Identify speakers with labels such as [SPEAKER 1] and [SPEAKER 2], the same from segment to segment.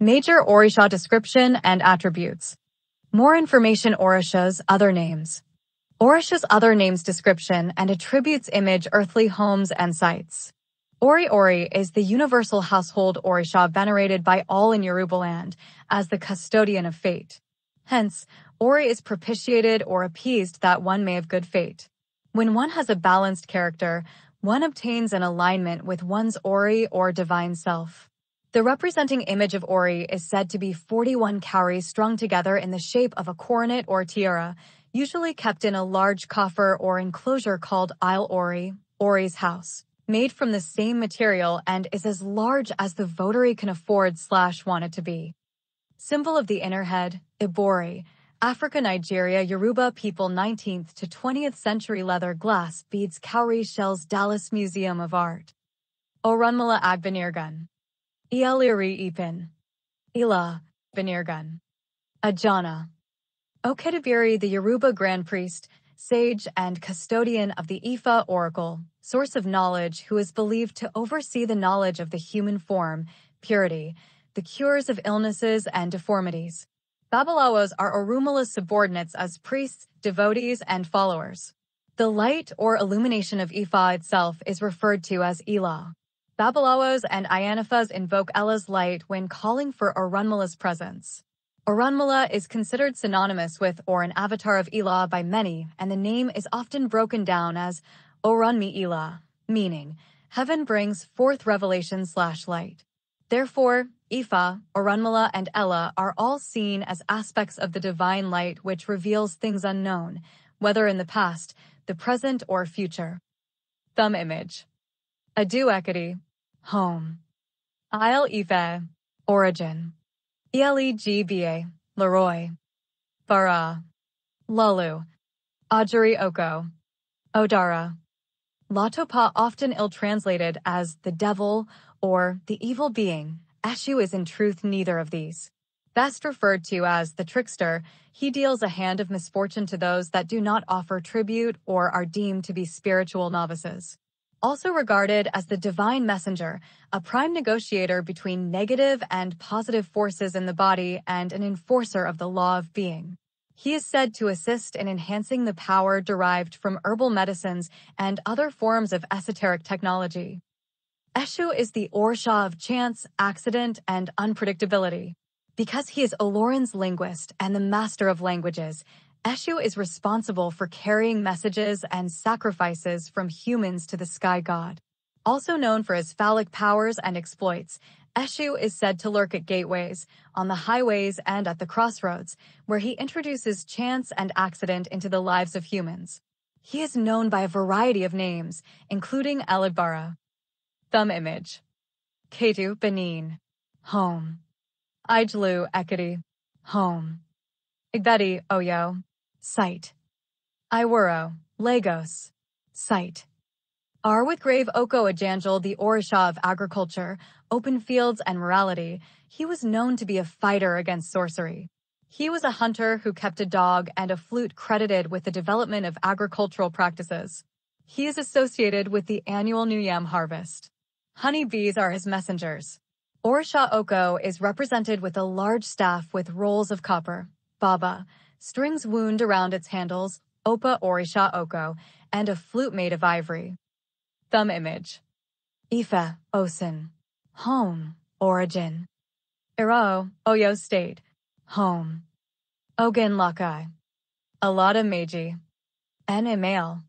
[SPEAKER 1] Major Orisha description and attributes. More information Orisha's other names. Orisha's other names description and attributes image earthly homes and sites. Ori Ori is the universal household Orisha venerated by all in Yorubaland as the custodian of fate. Hence, Ori is propitiated or appeased that one may have good fate. When one has a balanced character, one obtains an alignment with one's Ori or divine self. The representing image of Ori is said to be 41 cowries strung together in the shape of a coronet or tiara, usually kept in a large coffer or enclosure called Isle Ori, Ori's house, made from the same material and is as large as the votary can afford slash want it to be. Symbol of the inner head, Ibori, Africa Nigeria Yoruba people 19th to 20th century leather glass beads cowrie shells Dallas Museum of Art. Orunmila Agbanirgan Ialiri Ipin. Ila, Benirgun, Ajana. Okedibiri, the Yoruba Grand Priest, sage and custodian of the Ifa Oracle, source of knowledge who is believed to oversee the knowledge of the human form, purity, the cures of illnesses and deformities. Babalawos are Orumala's subordinates as priests, devotees, and followers. The light or illumination of Ifa itself is referred to as Ilah. Babalawos and Ianathas invoke Ella's light when calling for Arunmala's presence. Arunmala is considered synonymous with or an avatar of Ela by many, and the name is often broken down as Orunmi Ela, meaning heaven brings forth revelation slash light. Therefore, Ifa, Orunmila, and Ella are all seen as aspects of the divine light which reveals things unknown, whether in the past, the present, or future. Thumb image. A duecity, home. Isle Ife, origin. ELEGBA, Leroy. Bara, Lulu. Ajari Oko, Odara. Latopa often ill-translated as the devil or the evil being. Ashu is in truth neither of these. Best referred to as the trickster, he deals a hand of misfortune to those that do not offer tribute or are deemed to be spiritual novices. Also regarded as the divine messenger, a prime negotiator between negative and positive forces in the body and an enforcer of the law of being. He is said to assist in enhancing the power derived from herbal medicines and other forms of esoteric technology. Eshu is the Orsha of chance, accident, and unpredictability. Because he is Aloran's linguist and the master of languages, Eshu is responsible for carrying messages and sacrifices from humans to the sky god. Also known for his phallic powers and exploits, Eshu is said to lurk at gateways, on the highways, and at the crossroads, where he introduces chance and accident into the lives of humans. He is known by a variety of names, including Alibara, Thumb image. Ketu Benin. Home. Ijlu Ekiti. Home. Igbeti Oyo site. Iwuro, Lagos, site. Are with grave Oko Ajanjal the Orisha of agriculture, open fields, and morality, he was known to be a fighter against sorcery. He was a hunter who kept a dog and a flute credited with the development of agricultural practices. He is associated with the annual New Yam harvest. Honeybees are his messengers. Orisha Oko is represented with a large staff with rolls of copper, baba, strings wound around its handles, opa orisha oko, and a flute made of ivory. Thumb image. Ifa, Osin. Home, origin. Irao, Oyo State. Home. Ogen Lakai. Alada Meiji. Ene male.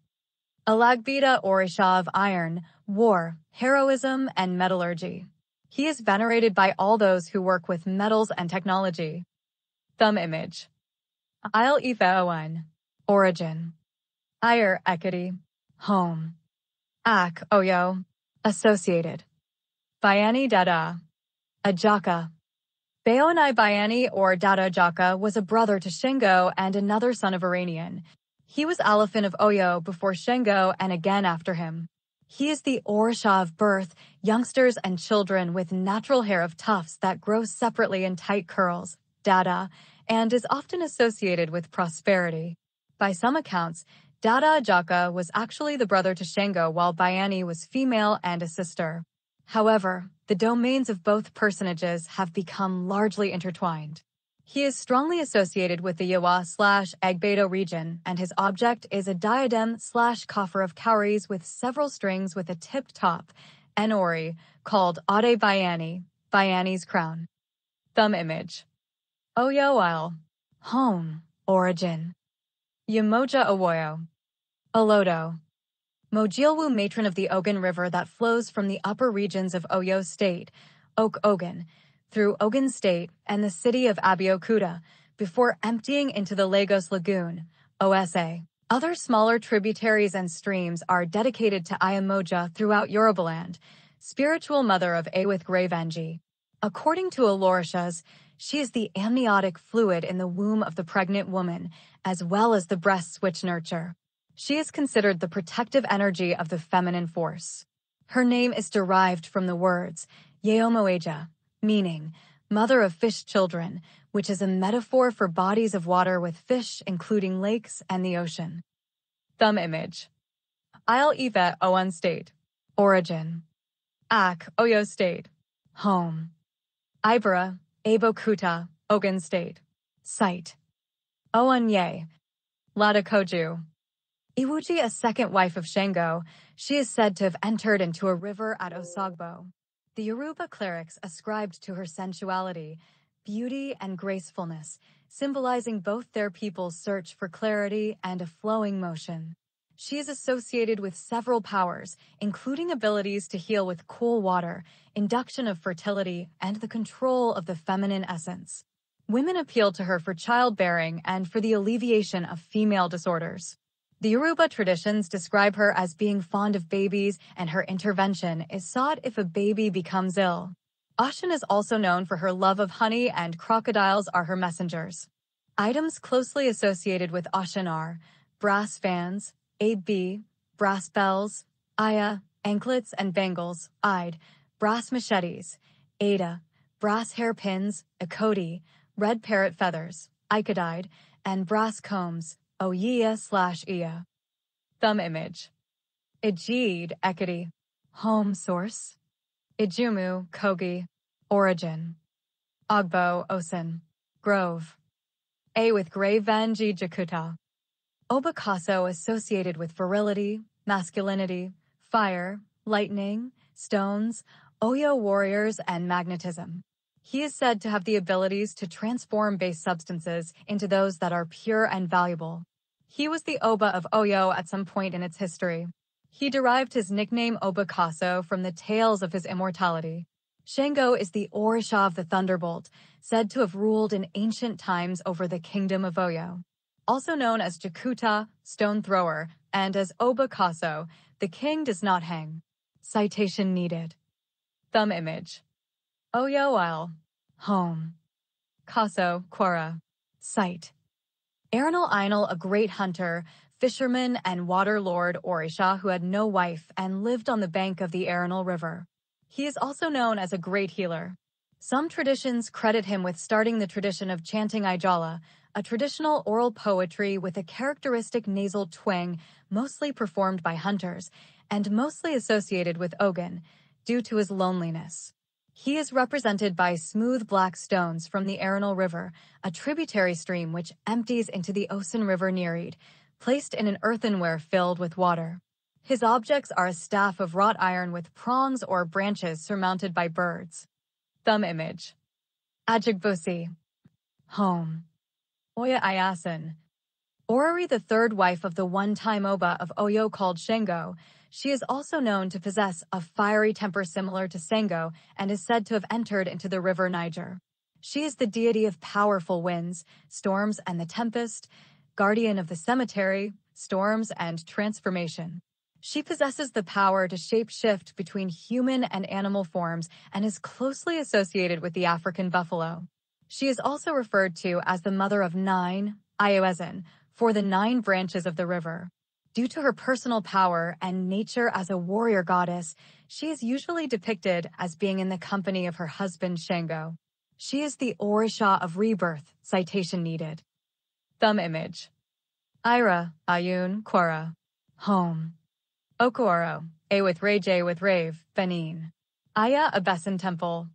[SPEAKER 1] Alagbita Orisha of Iron, War, Heroism, and Metallurgy. He is venerated by all those who work with metals and technology. Thumb image. I'll eat that one. Origin. Ire equity. Home. Ak oyo. Oh, Associated. Bayani Dada. Ajaka. Bayonai Bayani or Dada Jaka was a brother to Shingo and another son of Iranian. He was elephant of Oyo before Shingo and again after him. He is the Orisha of birth, youngsters and children with natural hair of tufts that grow separately in tight curls, Dada, and is often associated with prosperity. By some accounts, Dada Ajaka was actually the brother to Shango, while Bayani was female and a sister. However, the domains of both personages have become largely intertwined. He is strongly associated with the Yawa slash Agbedo region, and his object is a diadem slash coffer of cowries with several strings with a tipped top, an ori, called Ade Bayani, Bayani's crown. Thumb image. Oyoal, oh, home, origin. Yamoja Awoyo, Olodo. Mojilwu matron of the Ogun River that flows from the upper regions of Oyo State, Oak Ogun, through Ogun State and the city of Abeokuta, before emptying into the Lagos Lagoon, OSA. Other smaller tributaries and streams are dedicated to Ayamoja throughout Yorubaland, spiritual mother of Awith Gravenji. According to Alorisha's, she is the amniotic fluid in the womb of the pregnant woman, as well as the breast switch nurture. She is considered the protective energy of the feminine force. Her name is derived from the words Yeomoeja, meaning mother of fish children, which is a metaphor for bodies of water with fish, including lakes and the ocean. Thumb image. Isle Yvette, Owen State. Origin. Ak, Oyo State. Home. Ibera, Abokuta, Ogun State. Site. Oanye. Ladakoju. Iwuji, a second wife of Shango, she is said to have entered into a river at Osogbo. The Yoruba clerics ascribed to her sensuality, beauty, and gracefulness, symbolizing both their people's search for clarity and a flowing motion. She is associated with several powers, including abilities to heal with cool water, induction of fertility, and the control of the feminine essence. Women appeal to her for childbearing and for the alleviation of female disorders. The Yoruba traditions describe her as being fond of babies, and her intervention is sought if a baby becomes ill. Ashen is also known for her love of honey, and crocodiles are her messengers. Items closely associated with Ashen are brass fans, AB, brass bells, Aya, anklets and bangles, i brass machetes, Ada, brass hairpins, Akodi, red parrot feathers, Icodide, and brass combs, Oyea oh slash Ea. Thumb image. Ejid, Ekiti. Home source. Ijumu, Kogi. Origin. Ogbo, Osen. Grove. A with Grey Vanji Jakuta. Obacaso associated with virility, masculinity, fire, lightning, stones, Oyo warriors, and magnetism. He is said to have the abilities to transform base substances into those that are pure and valuable. He was the Oba of Oyo at some point in its history. He derived his nickname Obacaso from the tales of his immortality. Shango is the Orisha of the Thunderbolt, said to have ruled in ancient times over the kingdom of Oyo also known as Jakuta, Stone Thrower, and as Obakaso, the king does not hang. Citation needed. Thumb image. Oyoal. Home. Kaso, Quora. Site. Arinal Einal, a great hunter, fisherman, and water lord Orisha who had no wife and lived on the bank of the Arinal River. He is also known as a great healer. Some traditions credit him with starting the tradition of chanting Ijala, a traditional oral poetry with a characteristic nasal twang mostly performed by hunters and mostly associated with Ogun due to his loneliness. He is represented by smooth black stones from the Arenal River, a tributary stream which empties into the Osun River Nereid, placed in an earthenware filled with water. His objects are a staff of wrought iron with prongs or branches surmounted by birds. Thumb image. Ajigbosi. Home. Oya Ayasin. Orori the third wife of the one-time Oba of Oyo called Shengo, she is also known to possess a fiery temper similar to Sengo and is said to have entered into the river Niger. She is the deity of powerful winds, storms, and the tempest, guardian of the cemetery, storms, and transformation. She possesses the power to shape shift between human and animal forms and is closely associated with the African buffalo. She is also referred to as the mother of nine, Ioezen, for the nine branches of the river. Due to her personal power and nature as a warrior goddess, she is usually depicted as being in the company of her husband Shango. She is the Orisha of rebirth, citation needed. Thumb image. Ira, Ayun, Quora. Home. Okoro, A with Ray J with Rave, Benin. Aya Abesan Temple,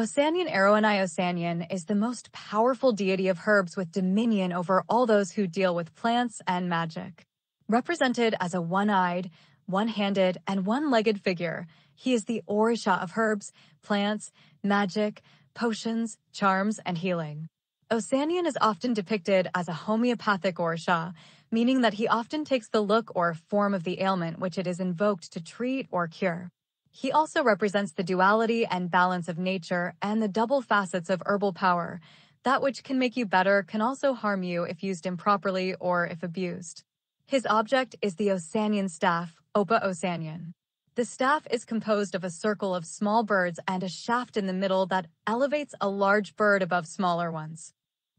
[SPEAKER 1] Osanian Aroanai Osanian is the most powerful deity of herbs with dominion over all those who deal with plants and magic. Represented as a one-eyed, one-handed, and one-legged figure, he is the Orisha of herbs, plants, magic, potions, charms, and healing. Osanian is often depicted as a homeopathic Orisha, meaning that he often takes the look or form of the ailment which it is invoked to treat or cure. He also represents the duality and balance of nature and the double facets of herbal power. That which can make you better can also harm you if used improperly or if abused. His object is the Osanian staff, Opa Osanian. The staff is composed of a circle of small birds and a shaft in the middle that elevates a large bird above smaller ones.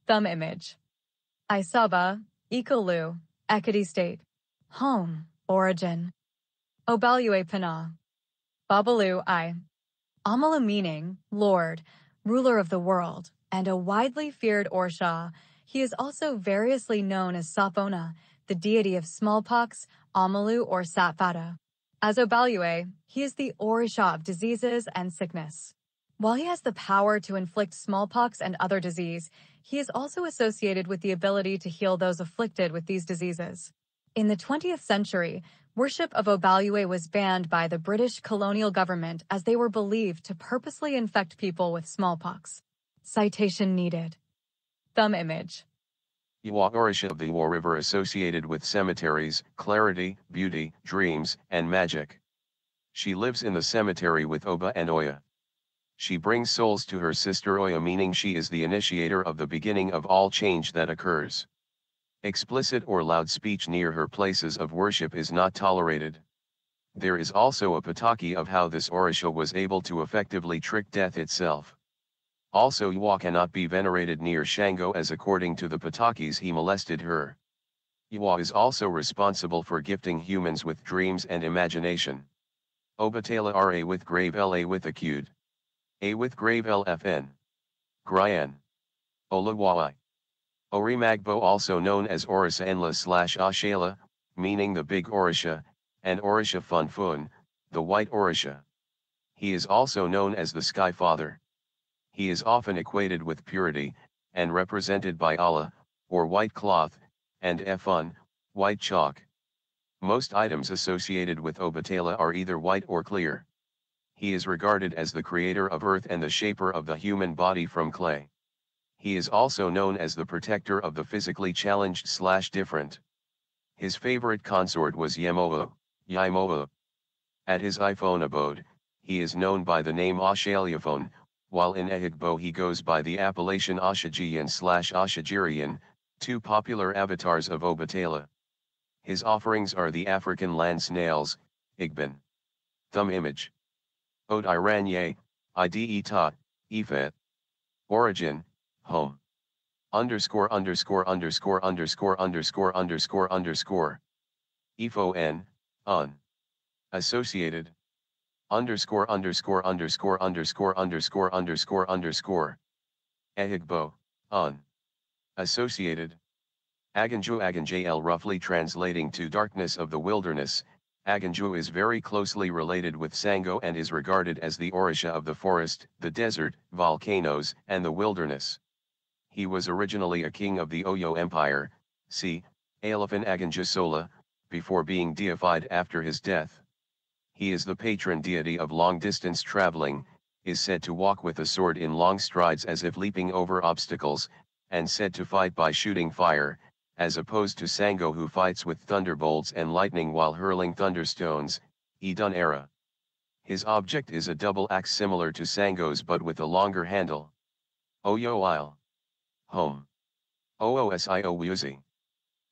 [SPEAKER 1] Thumb image. Isaba, Ikalu, Ekiti State. Home, origin. Obalue Pana, Babalu I. Amalu meaning Lord, ruler of the world, and a widely feared Orsha. He is also variously known as Safona, the deity of smallpox, Amalu or Satfata. As Obalue, he is the Orisha of diseases and sickness. While he has the power to inflict smallpox and other disease, he is also associated with the ability to heal those afflicted with these diseases. In the 20th century, worship of Obalue was banned by the British colonial government as they were believed to purposely infect people with smallpox. Citation needed. Thumb image.
[SPEAKER 2] Iwagarish of the War River associated with cemeteries, clarity, beauty, dreams, and magic. She lives in the cemetery with Oba and Oya. She brings souls to her sister Oya meaning she is the initiator of the beginning of all change that occurs. Explicit or loud speech near her places of worship is not tolerated. There is also a pataki of how this orisha was able to effectively trick death itself. Also Ywa cannot be venerated near Shango as according to the patakis he molested her. Ywa is also responsible for gifting humans with dreams and imagination. Obatala r a A with grave L A with acute. A with grave LFN. Gryan. Olawai. Orimagbo also known as Orisa Enla slash Ashela, meaning the Big Orisha, and Orisha Funfun, the White Orisha. He is also known as the Sky Father. He is often equated with purity, and represented by Allah, or white cloth, and Efun, white chalk. Most items associated with Obatala are either white or clear. He is regarded as the creator of earth and the shaper of the human body from clay. He is also known as the protector of the physically challenged slash different. His favorite consort was Yemoa, Yaimoa. At his iPhone abode, he is known by the name Ashaliaphone, while in Ehigbo he goes by the appellation Ashajian slash Ashajirian, two popular avatars of Obatala. His offerings are the African land snails, Igban. Thumb image. Ode Iranye, Ide Ta, Ifet. Origin, home. Underscore underscore underscore underscore underscore underscore underscore. EFON, un Associated. Underscore underscore underscore underscore underscore underscore underscore. Ehigbo, un Associated. Aganju Aganjl roughly translating to darkness of the wilderness, Aganju is very closely related with Sango and is regarded as the Orisha of the forest, the desert, volcanoes, and the wilderness. He was originally a king of the Oyo Empire, c. Aelafin Aganjasola, before being deified after his death. He is the patron deity of long-distance traveling, is said to walk with a sword in long strides as if leaping over obstacles, and said to fight by shooting fire, as opposed to Sango who fights with thunderbolts and lightning while hurling thunderstones, Edun era. His object is a double axe similar to Sango's but with a longer handle. Oyo Isle home. Oosio Wuzi.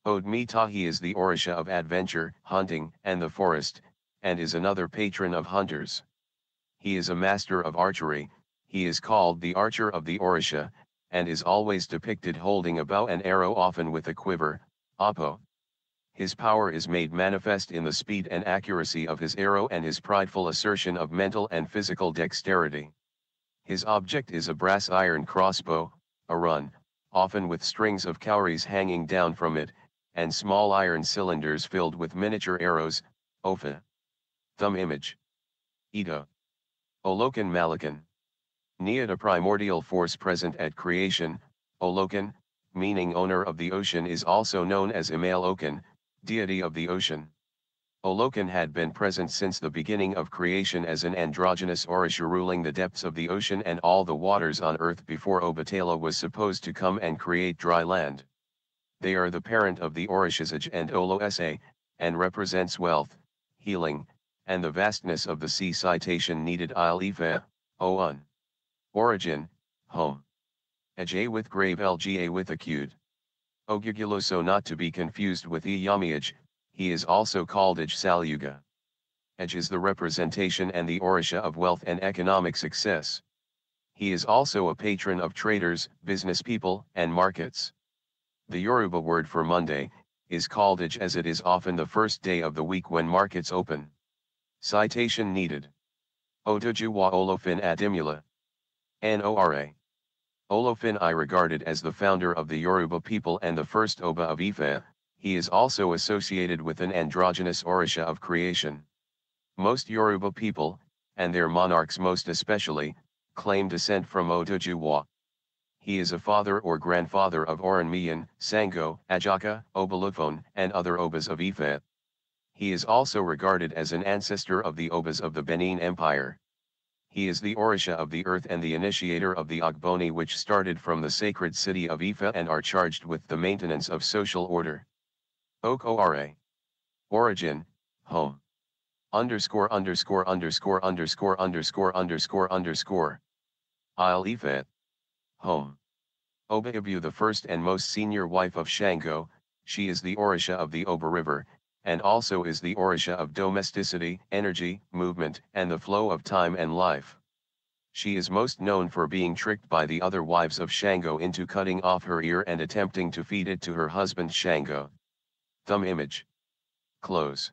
[SPEAKER 2] Odmitahi is the Orisha of adventure, hunting, and the forest, and is another patron of hunters. He is a master of archery, he is called the archer of the Orisha, and is always depicted holding a bow and arrow often with a quiver, Apo. His power is made manifest in the speed and accuracy of his arrow and his prideful assertion of mental and physical dexterity. His object is a brass iron crossbow, a run, often with strings of cowries hanging down from it, and small iron cylinders filled with miniature arrows, Opha. Thumb image. Ida. Olokan Malakan. Neata primordial force present at creation, Olokan, meaning owner of the ocean is also known as Imalokan, deity of the ocean. Olokan had been present since the beginning of creation as an androgynous Orisha ruling the depths of the ocean and all the waters on earth before Obatala was supposed to come and create dry land. They are the parent of the Orishasaj and Olosa, and represents wealth, healing, and the vastness of the sea citation needed Isle Ifa, Oun. Origin, home. Aj with grave Lga with acute. Ogigiloso not to be confused with Iyamiaj, he is also called Aj Salyuga. Aj is the representation and the Orisha of wealth and economic success. He is also a patron of traders, business people, and markets. The Yoruba word for Monday, is called Aj as it is often the first day of the week when markets open. Citation needed. Otojuwa Olofin Adimula. Nora. Olofin I regarded as the founder of the Yoruba people and the first Oba of Ife, he is also associated with an androgynous orisha of creation. Most Yoruba people, and their monarchs most especially, claim descent from Odujuwa. He is a father or grandfather of Oranmiyan, Sango, Ajaka, Obalufon, and other Obas of Ife. He is also regarded as an ancestor of the Obas of the Benin Empire. He is the Orisha of the earth and the initiator of the Ogboni which started from the sacred city of Ife and are charged with the maintenance of social order. OKORA. Origin, home. Underscore underscore underscore underscore underscore underscore underscore. I'll Home. Obayabu the first and most senior wife of Shango, she is the Orisha of the Oba River, and also is the Orisha of domesticity, energy, movement, and the flow of time and life. She is most known for being tricked by the other wives of Shango into cutting off her ear and attempting to feed it to her husband Shango. Thumb image. Close.